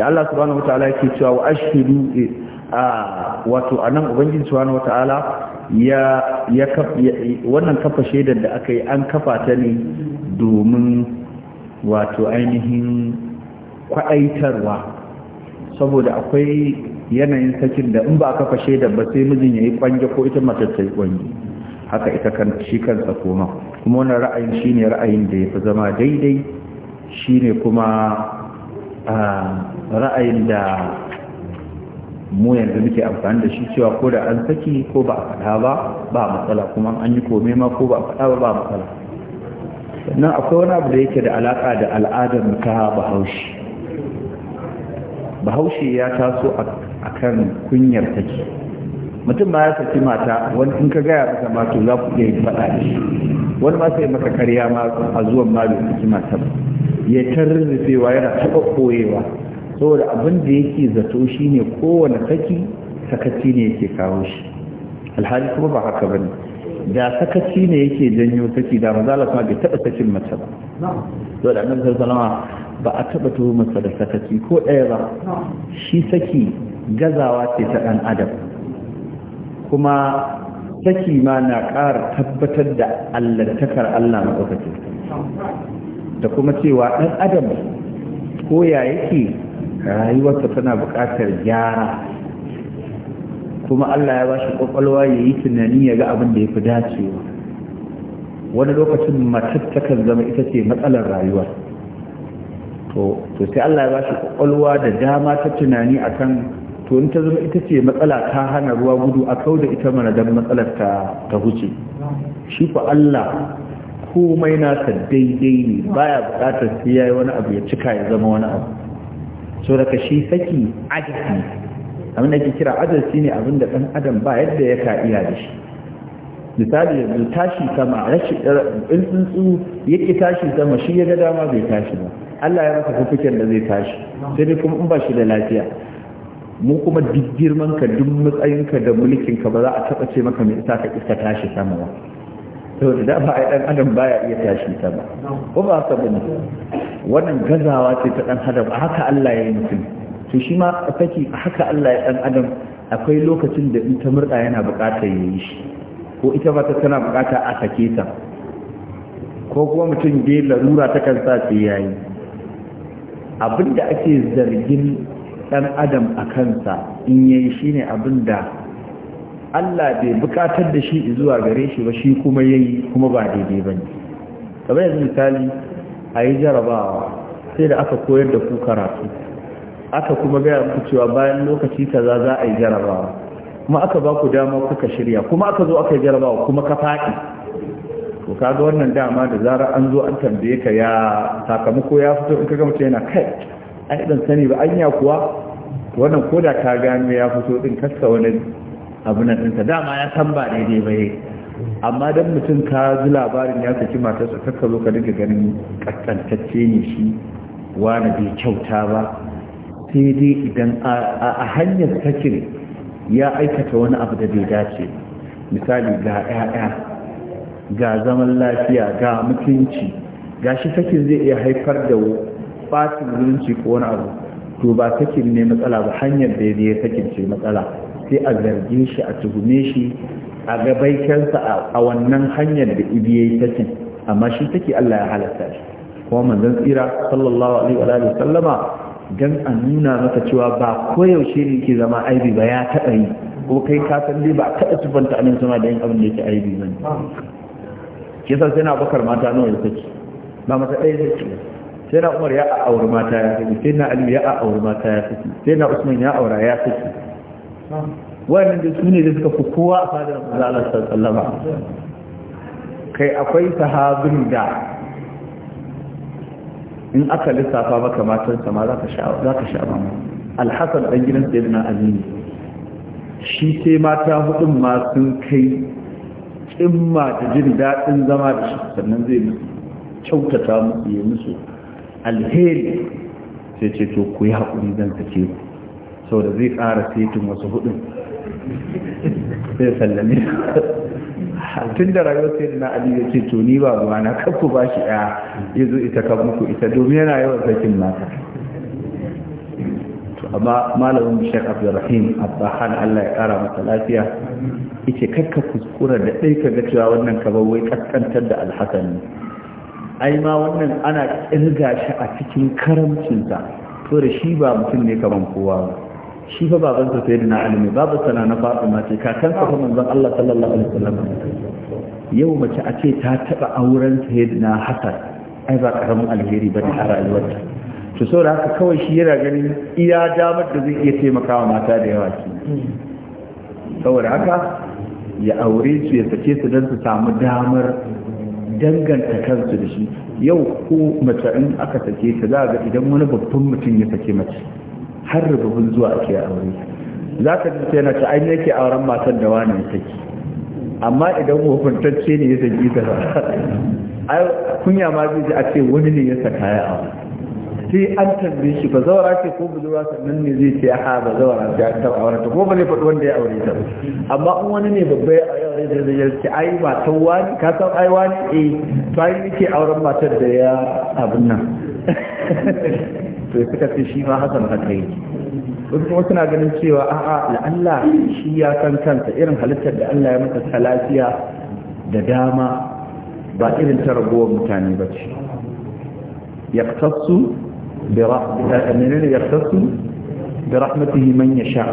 da Allah subhanahu wataala yake cewa wa ashhadu a wato anan ubangiji subhanahu wataala ya ya wannan kafa shedar da aka yi an kafa ta ne domin wato ainihin kwaaitarwa saboda akwai yanayin sakin da in ba a kafa shedar ba sai mijin yayi kwange ko ita mace ta yi haka ita kan shi kansa koma kuma wannan ra'ayin shine ra'ayin da yafi zama daidai shine kuma ra'ayin da mu yanzu muke amfani da shi cewa ko da an saki ko ba a faɗa ba ba matsala kuma an yi kome ma ko ba a faɗa ba ba matsala sannan akwai wani abu da yake da alaƙa da al'adar ta bahaushe bahaushe ya taso a kan kunyar take mutum ma ya saki mata wani in ka gaya maka ma to za ku iya yin faɗa da shi wani ma sai maka karya ma a zuwan ma bai saki mata ba ya tarrufewa yana taɓa koyewa saboda abin da yake zato shine kowane saki sakaci ne yake kawo shi alhali kuma ba haka bane da sakaci ne yake janyo saki da maza kuma bai taɓa sakin mace ba to da annabi sallallahu ba a taɓa tuhumarsa da sakaci ko ɗaya ba shi saki gazawa ce ta ɗan adam kuma saki ma na ƙara tabbatar da allantakar Allah maɗaukacin da kuma cewa ɗan adam ko ya yake rayuwarsa tana buƙatar gyara kuma Allah ya bashi ƙwaƙwalwa ya yi tunani ya ga abin da ya fi dacewa wani lokacin matattakan zama ita ce matsalar rayuwa to sai Allah ya bashi ƙwaƙwalwa da dama ta tunani akan to in ta zama ita ce matsala ta hana ruwa gudu a kau da ita mana don matsalar ta huce shi Allah komai nasa daidai ne baya bukatar sai yayi wani abu ya cika ya zama wani abu so daga shi saki adadi abin da ke kira adadi ne abin da dan adam ba yadda ya ka iya da shi misali yanzu tashi sama rashin in tsuntsu yake tashi sama shi ya ga dama bai tashi ba Allah ya masa fufuken da zai tashi sai dai kuma in ba shi da lafiya mu kuma duk girman ka duk matsayinka da mulkin ka ba za a taba ce maka me isa ka isa tashi sama ba saboda da ba dan adam baya iya tashi sama ko ba ka bane wannan gazawa ce ta dan adam haka Allah ya yi mutum to shi ma kake haka Allah ya dan adam akwai lokacin da in ta murda yana bukata yayi shi ko ita ba ta tana bukata a sake ta ko kuma mutum da larura ta kan sa sai yayi abinda ake zargin ɗan adam a kansa in yayi shine abin da Allah bai bukatar da shi zuwa gare shi ba shi kuma yayi kuma ba daidai bane kamar yanzu misali a yi jarabawa sai da aka koyar da ku karatu aka kuma gaya muku cewa bayan lokaci kaza za a yi jarabawa kuma aka ba ku dama kuka shirya kuma aka zo aka yi jarabawa kuma ka faɗi to kaga wannan dama da zarar an zo an tambaye ka ya sakamako ya fito in ka ga mutum yana kai ai ban sani ba anya kuwa wannan koda ta gano ya fito ɗin kasta wani abu nan ɗinsa dama ya san ba daidai ba amma dan mutum ka ji labarin ya saki matarsa kakka zo ka dinka ganin kaskantacce ne shi wani bai kyauta ba sai dai idan a hanyar sakin ya aikata wani abu da bai dace misali ga ƴaƴa ga zaman lafiya ga mutunci ga shi sakin zai iya haifar da fatin zumunci ko wani abu to ba take ne matsala ba hanyar da ya sakin ce matsala sai a zarge shi a tuhume shi a gabaitarsa a wannan hanyar da ibi ya yi sakin amma shi take Allah ya halatta shi kuma manzon tsira sallallahu alaihi wa sallama dan a nuna maka cewa ba koyaushe ne ke zama aibi ba ya taɓa yi ko kai ka san dai ba taɓa sufanta anan sama da yin abin da yake aibi ba ne kisa sai na bakar mata nawa ya saki ba mata ɗaya saki sai na umar ya auri mata ya saki sai na ali ya auri mata ya saki sai na usman ya aura ya saki wannan da sune da suka fi kowa a fadar manzo Allah sallallahu kai akwai sahabin da in aka lissafa maka matan sama za ka sha mamu alhassan ɗan gidan sayyidina amini shi sai mata hudun masu kai cimma da jin daɗin zama da shi sannan zai kyautata musu yi musu alheri sai ce to ku yi haƙuri zan tafi ku sau da zai ƙara setin wasu hudun sai sallame tun da rayuwar sai na ali ya ce to ni ba ruwa na kan ba shi ɗaya ya zo ita kan muku ita domin yana yawan sakin mata amma malamin bishiyar abdurrahim abbahan allah ya ƙara masa lafiya ita kakka kuskura da ɗai ka ga cewa wannan kamar wai kaskantar da alhassan ai ma wannan ana kirga shi a cikin karamcinsa to da shi ba mutum ne kaman kowa ba shi fa sa sayyidina na ne babu sana na fatima ce kakansa kuma manzon Allah sallallahu alaihi wasallam yau mace a ce ta taba auren sayyidina hasan ai ba karamin alheri bane a rayuwarta to da haka kawai shi yana ganin iya damar da zai iya taimaka wa mata da yawa ke saboda haka ya aure su ya sake su don su samu damar danganta kansu da shi yau ko mace in aka sake ta za ga idan wani babban mutum ya sake mace har rububin zuwa ake aure za ka ji sai na ta ai yake auren matan da wani ya sake amma idan hukuntacce ne ya sake ta ai kunya ma zai ji a ce wani ne ya saka ya aure sai an tambaye shi ba zawara ce ko budurwa sannan ne zai ce ha ba zawara ce an taɓa aure ta ko ba zai faɗi wanda ya aure ta amma in wani ne babba ya aure da zai ce ai ba ta wani ka san ai wani eh to ai nake auren matar da ya abin nan to suka ce shi ma hasan haka yi wasu kuma suna ganin cewa a'a la'alla shi ya san kansa irin halittar da Allah ya masa ta lafiya da dama ba irin ta mutane ba ce yaqtasu menene yartasu da rahmatihi man yasha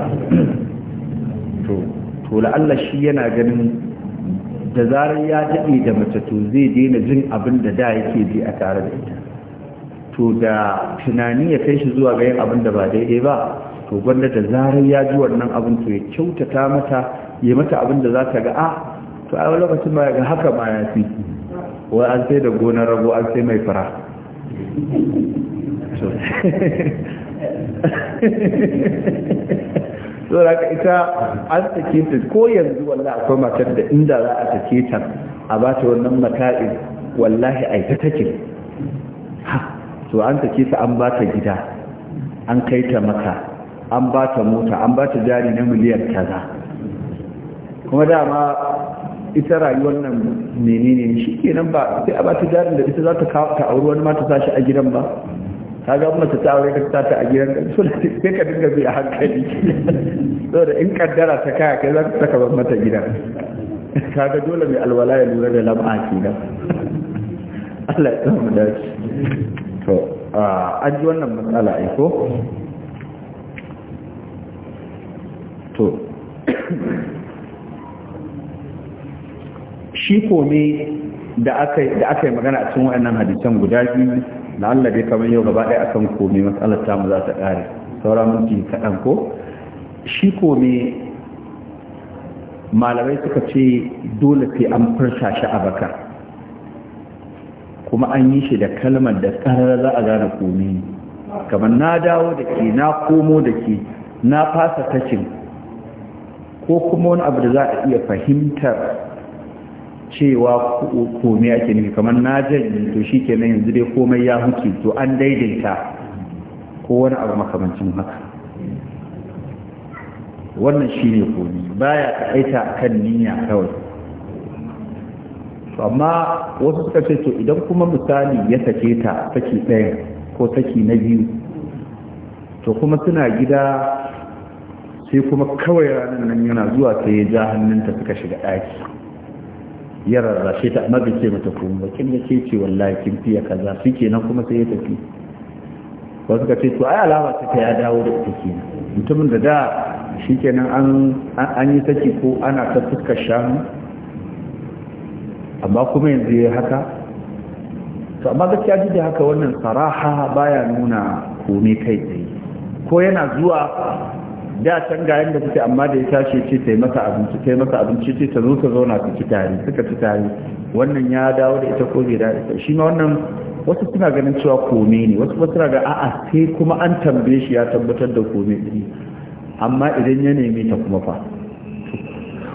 to to la'alla shi yana ganin da zarar ya daɗe da mace to zai daina jin abin da da yake ji a tare da ita to da tunani ya kai shi zuwa ga yin abin da ba daidai ba to gwanda da zarar ya ji wannan abin to ya kyautata mata ya mata abin da za ta ga a to a lokacin ma ga haka ma ya fi wai an sai da gonar rago an sai mai fara so da ka ita an take ta ko yanzu wallahi akwai matar da inda za a take ta a ba ta wannan mata'in wallahi a ita take ha so an take ta an ba ta gida an kai ta maka an ba ta mota an ba ta jari na miliyan kaza kuma dama ita rayuwar nan menene shi kenan ba sai a ba ta jarin da ita za ta kawo auri wani mata ta shi a gidan ba ka ga mace ta aure ka ta a gidan ka sai ka dinga bi a hankali da in kaddara ta kaya kai za ka saka ban mata gidan ka ga dole mai alwala ya lura da lam'a nan Allah ya samu shi to an ji wannan matsala ai ko to shi kome da aka yi magana a cikin wa'annan hadisan guda biyu na Allah dai kamar yau gaba ɗaya akan komai matsalar tamu za ta ƙare saura minti kaɗan ko shi komai malamai suka ce dole sai an furta shi a baka kuma an yi shi da kalmar da ƙarar za a gane komai kamar na dawo da ke na komo da ke na fasa tashin ko kuma wani abu da za a iya fahimtar cewa komai ake nufi kamar na janye to shi ke kenan yanzu dai komai ya huce to an daidaita ko wani abu makamancin haka wannan shi ne komai baya aita a kan niyya kawai amma wasu suka ce to idan kuma misali ya sake ta saki ɗaya ko saki na biyu to kuma suna gida sai kuma kawai ranar nan yana zuwa sai ya ja hannunta suka shiga ɗaki ya rarrashe ta amma bai ce mata komai ba kin yace ce wallahi kin fiya kaza suke nan kuma sai ya tafi wasu ka ce to ai alama ta ta ya dawo da ita ke mutumin da da shikenan an an yi saki ko ana ta fuskar shanu amma kuma yanzu ya haka to amma gaskiya kiyaji da haka wannan saraha baya nuna kome kai tsaye ko yana zuwa da can ga yadda kuke amma da ya tashi ce ta yi masa abinci ta yi masa abinci ce ta zo ta zauna na ci tare suka ci tare wannan ya dawo da ita ko zai da ita shi ma wannan wasu suna ganin cewa kome ne wasu ba suna ga a'a sai kuma an tambaye shi ya tabbatar da kome ne amma idan ya neme ta kuma fa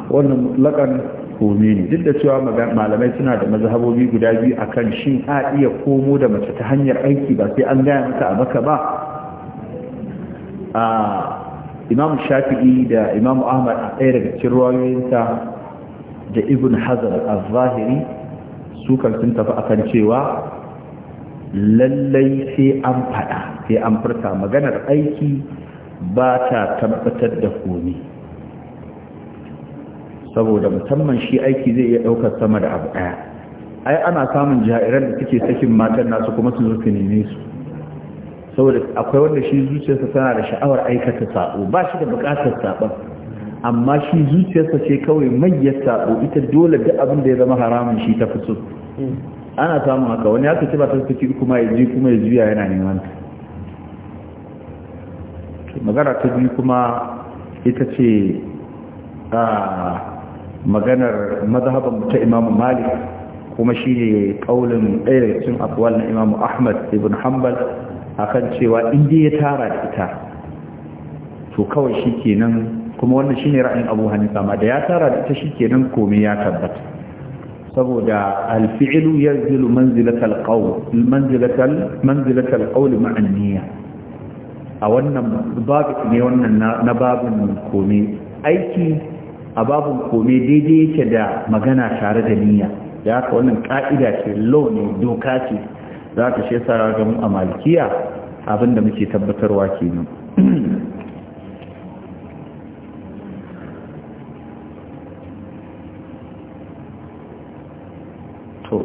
wannan mutlakan kome ne duk da cewa malamai suna da mazhabobi guda biyu akan shin a iya komo da mace ta hanyar aiki ba sai an gaya mata a maka ba ah, imam shafi'i da imam ahmad a ɗaya daga cikin ruwayoyinsa da ibn hazar al-zahiri su kan sun tafi kan cewa lallai sai an faɗa sai an furta maganar aiki ba ta tabbatar da komi saboda musamman shi aiki zai iya ɗaukar sama da abu ɗaya ai ana samun ja'irar da suke sakin matan nasu kuma su zo su neme su saboda akwai wanda shi zuciyarsa tana da sha'awar aikata sabo ba shi da bukatar sabon amma shi zuciyarsa ce kawai manyan sabo ita dole duk abin da ya zama haramun shi ta fito ana samun haka wani ya kace ba ta saki kuma ya ji kuma ya juya yana neman magana ta biyu kuma ita ce a maganar mazhaban ta Imam Malik kuma shi ne kaulin ɗaya cikin akwal na Imam Ahmad ibn Hanbal akan cewa in dai ya tara da ita to kawai shi shikenan kuma wannan shi shine ra'ayin Abu Hanifa ma da ya tara da ita shi shikenan komai ya tabbata saboda al-fi'lu yanzilu manzilatal qawl manzilatal manzilatal qawl ma'a niyya a wannan babu ne wannan na babin komai aiki a babin komai daidai yake da magana tare da niyya da haka wannan ka'ida ce law ne doka ce za ka shi sa ga mu a malikiya abinda muke tabbatarwa kenan to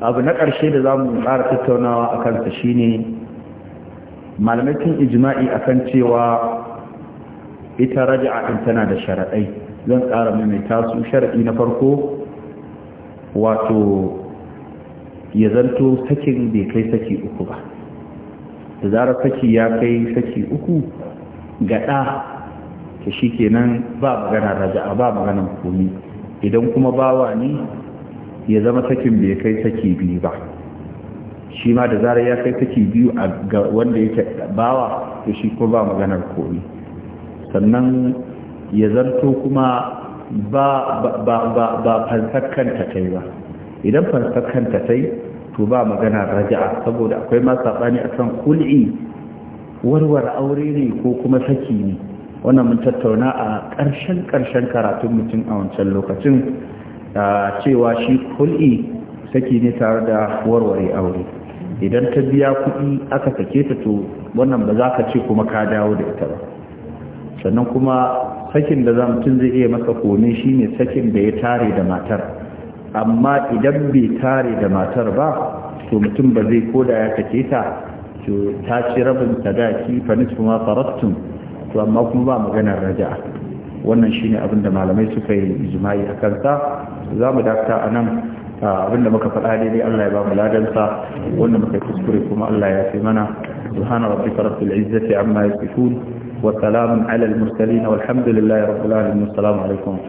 abu na ƙarshe da za mu ƙara tattaunawa a kansa shine malamakin ijma'i akan cewa ita raja'a ɗin tana da sharaɗai zan ƙara mai tasu sharaɗi na farko wato ya zanto sakin bai kai saki uku ba da zarar saki ya kai saki uku ga ta shi kenan ba magana a ba maganan komi idan kuma bawa ne ya zama sakin bai kai saki biyu ba shi ma da zarar ya kai saki biyu ga wanda yake bawa to shi kuma ba maganar komi sannan ya zanto kuma ba ba kanta ta yi ba idan fansar kanta ta yi to ba magana raja'a saboda akwai ma saɓani a kan kul'i warware aure ne ko kuma saki ne wannan mun tattauna a ƙarshen ƙarshen karatun mutum a wancan lokacin cewa shi kul'i saki ne tare da warware aure idan ta biya kuɗi aka sake ta to wannan ba za ka ce kuma ka dawo da ita ba sannan kuma sakin da za mutum zai iya masa kone ne sakin da ya tare da matar amma idan bai tare da matar ba to mutum ba zai koda ya take ta to ta ci rabin sadaki fa nisfu ma farattum to amma kuma ba maganar raja wannan shine abin da malamai suka yi ijma'i a kansa za mu dakta a nan abin da muka faɗa daidai Allah ya ba mu sa wanda muka kuskure kuma Allah ya fi mana subhana rabbika rabbil izzati amma yasifun wa salamun ala al mursalin walhamdulillahi rabbil alamin assalamu alaikum